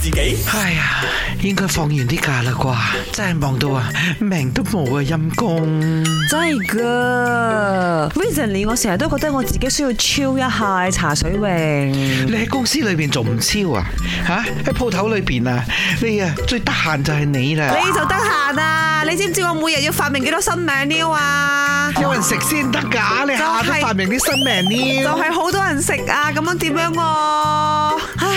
自己？哎 呀，應該放完啲假啦啩，真係忙到啊，命都冇啊，陰公真係噶。recently 我成日都覺得我自己需要超一下茶水榮。你喺公司裏邊仲唔超啊？吓喺鋪頭裏邊啊？你啊最得閒就係你啦。你就得閒啊？你知唔知我每日要發明幾多新名料啊？有人食先得噶，你下都發明啲新名料，就係好多人食啊，咁樣點、啊、樣？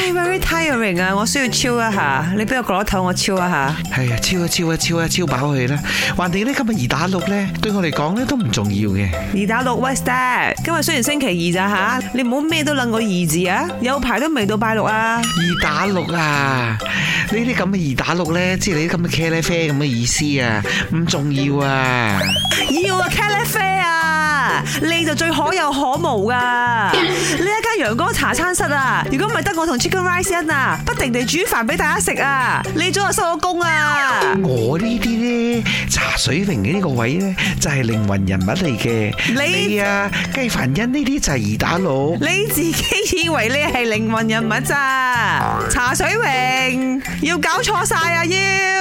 係咪 tiring 啊？我需要超一下，你俾我個攞頭我超一下？係啊，超啊，超啊，超啊，超飽佢啦。橫掂咧今日二打六咧，對我嚟講咧都唔重要嘅。二打六 what's that？今日雖然星期二咋吓，你唔好咩都諗個二字啊！有排都未到拜六啊。二打六啊！呢啲咁嘅二打六咧，即係你啲咁嘅茄喱啡咁嘅意思啊，唔重要啊。要啊 c 你就最可有可無噶，呢 一間陽光茶餐室啊，如果唔係得我同 Chicken Rice 欣，不停地煮飯俾大家食啊，你早就收咗工啊！我呢啲咧，茶水榮嘅呢個位咧，就係靈魂人物嚟嘅。你，你啊，雞凡欣呢啲就係二打佬。你自己以為你係靈魂人物咋？茶水榮要搞錯晒啊要！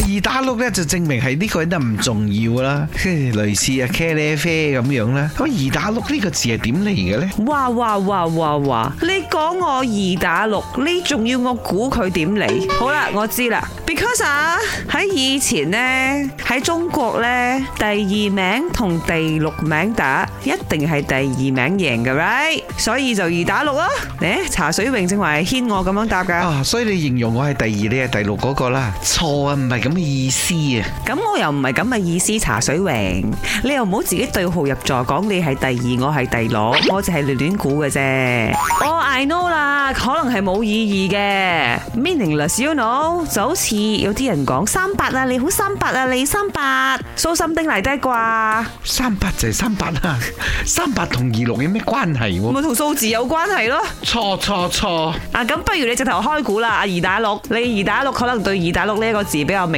二打六咧，就證明係呢個人唔重要啦，類似啊茄喱啡咁樣啦。咁二打六呢個字係點嚟嘅咧？哇哇哇哇哇！你講我二打六，你仲要我估佢點嚟？好啦，我知啦。Because 啊，喺以前呢，喺中國呢，第二名同第六名打，一定係第二名贏嘅，right？所以就二打六啦。誒，茶水榮正話係牽我咁樣答嘅。啊，所以你形容我係第二，你係第六嗰個啦。錯啊，唔係。咁嘅意思啊？咁我又唔係咁嘅意思，茶水榮，你又唔好自己對號入座，講你係第二，我係第六，我就係亂亂估嘅啫。哦，I know 啦，可能係冇意義嘅，meaningless you know 就好似有啲人講三八啊，你好三八啊，你三八，蘇心丁嚟得啩？三八就係三八啦，三八同二六有咩關係？咪同數字有關係咯。錯錯錯。嗱，咁不如你直頭開估啦，阿二打六，你,打六你打六二打六可能對二打六呢一個字比較明。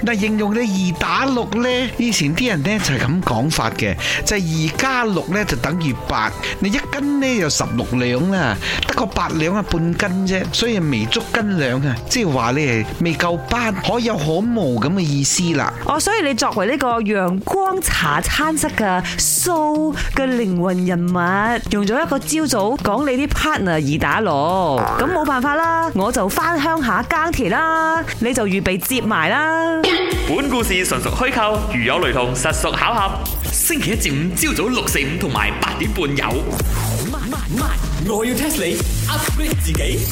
嗱，但應用你二打六呢，以前啲人呢就係咁講法嘅，就係二加六呢就等於八。你一斤呢就十六兩啦，得個八兩啊半斤啫，所以未足斤兩啊，即係話你係未夠班可有可無咁嘅意思啦。哦，oh, 所以你作為呢個陽光茶餐室嘅 show 嘅靈魂人物，用咗一個朝早講你啲 partner 二打六，咁冇辦法啦，我就翻鄉下耕田啦，你就預備接埋啦。本故事純屬虛構，如有雷同，實屬巧合。星期一至五朝早六四五同埋八點半有。My, my, my. 我要 test 你，upgrade 自己。